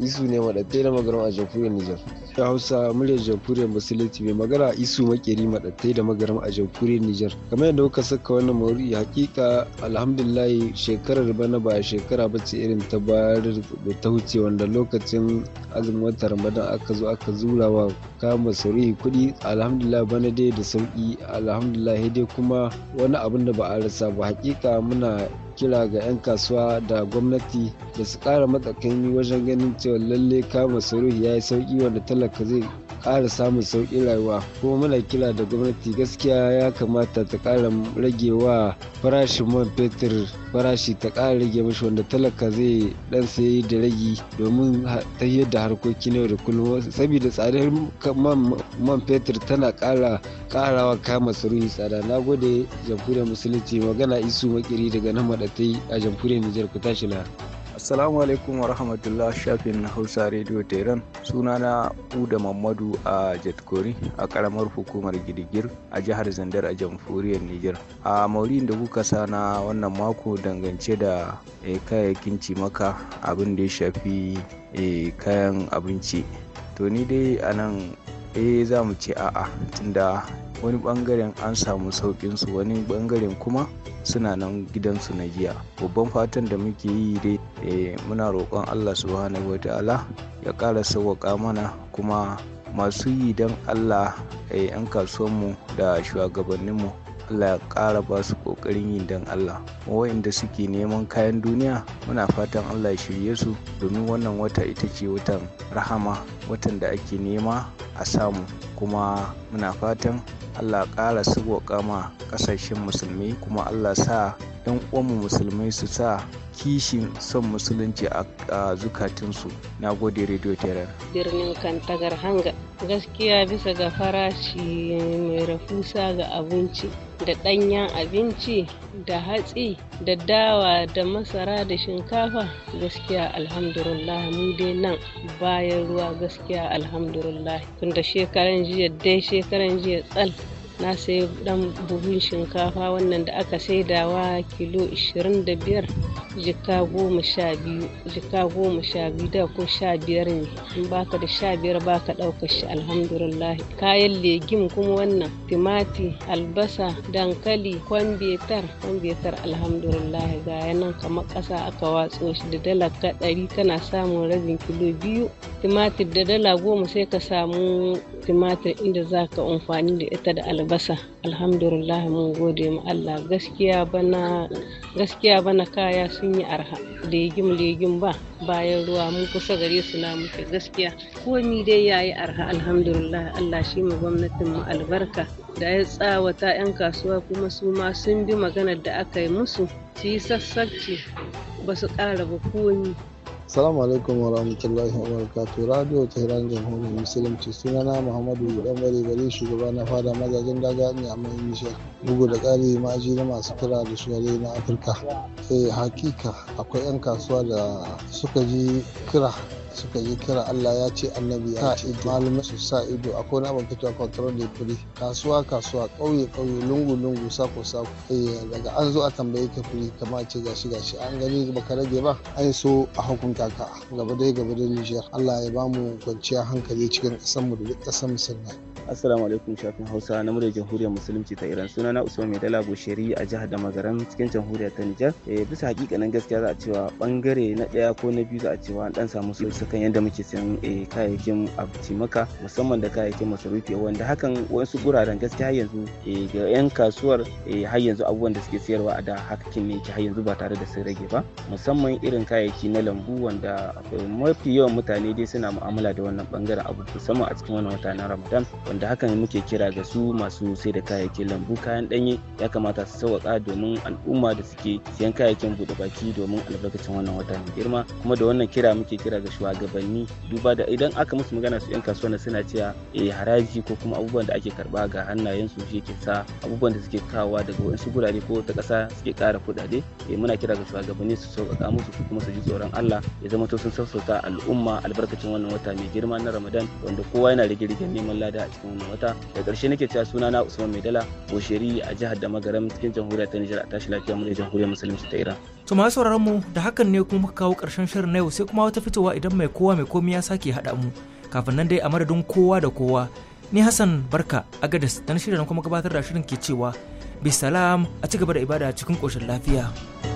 isu ne maɗattai da magaran a jamhuriyar nijar Ya hausa muryar jamhuriyar Basilati mai magana isu makeri maɗattai da magaran a jamhuriyar nijar kamar yadda kuka saka wannan mawuri hakika alhamdulillah shekarar bana ba shekara ba ce irin ta bayar da ta huce wanda lokacin azumin wata ramadan aka zo aka zura wa kama masarufi kuɗi alhamdulillah bana dai da sauki alhamdulillah dai kuma wani abin da ba a rasa ba hakika muna kira ga 'yan kasuwa da gwamnati da su kara matsakaimi wajen ganin cewa lalle kama masarufi ya yi sauƙi wanda talaka zai kara samun sauƙi rayuwa kuma muna kira da gwamnati gaskiya ya kamata ta kara rage wa farashin man fetur farashi ta kara rage mashi wanda talaka zai ɗan sayi da ragi domin ta da harkokin na yau da kullum saboda tsadar man fetur tana kara ƙarawa kama masarufi tsada na gode jamhuriyar musulunci magana isu makiri daga nan ta yi a jamhuriyar Nijar ku tashi la. Assalamu alaikum wa rahmatullah shafin Hausa Radio Tehran sunana Uda Mamadu a Jetkori a karamar hukumar Gidigir a jihar Zandar a jamhuriyar Nijar. A maurin da kuka sa na wannan mako dangance da eh, kayayyakin cimaka abin da ya shafi eh, kayan abinci. To ni dai a nan e za mu ce a'a tunda wani bangaren an samu saukin su wani bangaren kuma suna nan gidansu na jiya babban fatan da muke yi dai eh, muna roƙon allah subhanahu wataala ya ƙara sauwaƙa mana kuma masu yi don allah eh, 'yan kasuwanmu da shugabanninmu Allah ya ƙara ba su ƙoƙarin yin dan Allah wa'inda suke neman kayan duniya muna fatan Allah ya shirye su domin wannan wata ita ce watan rahama watan da ake nema a samu kuma muna fatan Allah ƙara su ma ƙasashen musulmi kuma Allah sa 'yan uwanmu musulmai su sa kishin son musulunci a zukatunsu na gode radio terror birnin kantagar hanga gaskiya bisa ga farashi mai rafusa ga abinci da ɗanyen abinci da hatsi da dawa da masara da shinkafa gaskiya alhamdulillah mu dai nan bayan ruwa gaskiya alhamdulillah tunda shekaran jiya dai shekaran jiya tsal na sai dan buhun shinkafa wannan da aka saidawa kilo 25 jika goma sha biyu jika goma sha biyu da ko sha biyar ne in baka da sha biyar baka ɗauka shi alhamdulillah kayan legim kuma wannan timati albasa dankali kwambetar kwambetar alhamdulillah ga nan kamar ƙasa aka watso shi da dala ka ɗari kana samun rabin kilo biyu timatir da dala goma sai ka samu timatir inda za ka amfani da ita da albasa albasa alhamdulillah mun gode mu Allah gaskiya bana gaskiya bana kaya sun yi arha legim legim ba bayan ruwa mun kusa gare su na muke gaskiya komi dai yayi arha alhamdulillah Allah shi mu gwamnatin mu albarka da ya tsawata 'yan kasuwa kuma su ma sun bi maganar da aka yi musu su yi sassabci ba su ƙara ba komi Assalamu alaikum wa rahmatullahi wa Radio Tehran Jamhuriyar Musulunci sunana Muhammadu Dan Gari shugaba na fada mazajen daga ne a mai Nishar. Bugu da ƙari ma'aji na masu kira da shugare na Afirka. Eh hakika akwai 'yan kasuwa da suka ji kira suka yi kira Allah ya ce annabi ya ce malamai su sa ido akwai na bankatuwa control da fure kasuwa kasuwa ƙauye ƙauye lungu lungu sako sako eh, daga an zo a tambaye ka fure kamar ce gashi gashi an gani baka rage ba an so a hukunta ka gaba dai gaba dai Niger Allah ya bamu kwanciyar hankali cikin ƙasar mu da duk ƙasar musulmai Assalamu alaikum shafin Hausa na muryar Jamhuriyar Musulunci ta Iran suna na Usman Dala Bushiri a jihar Damagaram cikin Jamhuriyar ta Nijar. Eh bisa hakikanin gaskiya za a cewa bangare na daya ko na biyu za a cewa an dan samu sosai kan yadda muke sayan eh, kayayyakin abinci maka musamman da kayayyakin masarufi wanda hakan wasu guraren gaskiya yanzu eh, ga yan kasuwar eh, har yanzu abubuwan da suke sayarwa a da hakkin ne yake har yanzu ba tare da sun rage ba musamman irin kayayyaki na lambu wanda mafi yawan mutane dai suna mu'amala da wannan bangaren abu musamman a cikin wannan wata na Ramadan wanda hakan muke kira ga su masu sai da kayayyakin lambu kayan ɗanye ya kamata su sauwaka domin al'umma da suke siyan kayayyakin buɗe baki domin albarkacin wannan wata mai girma kuma da wannan kira muke kira ga shugabanni duba da idan aka musu magana su 'yan kasuwa suna cewa eh haraji ko kuma abubuwan da ake karba ga hannayen su shi ke sa abubuwan da suke kawowa daga wasu gurare ko ta ƙasa suke ƙara kuɗaɗe eh muna kira ga shugabanni su sauƙaƙa musu ko kuma su ji tsoron Allah ya zama to sun sassauta al'umma albarkacin wannan wata mai girma na Ramadan wanda kowa yana rige-rigen neman lada a cikin mu da ƙarshe nake cewa suna na Usman Maidala Bosheri a jihar magaram cikin jamhuriyar ta Nijar a tashi lafiya mu da jamhuriyar musulunci ta Iran. To ma sauraron mu da hakan ne kuma muka kawo ƙarshen shirin na yau sai kuma wata fitowa idan mai kowa mai komai ya sake haɗa mu kafin nan dai a madadin kowa da kowa ni Hassan Barka a gadas dan shirin kuma gabatar da shirin ke cewa bisalam a ci gaba da ibada cikin koshin lafiya.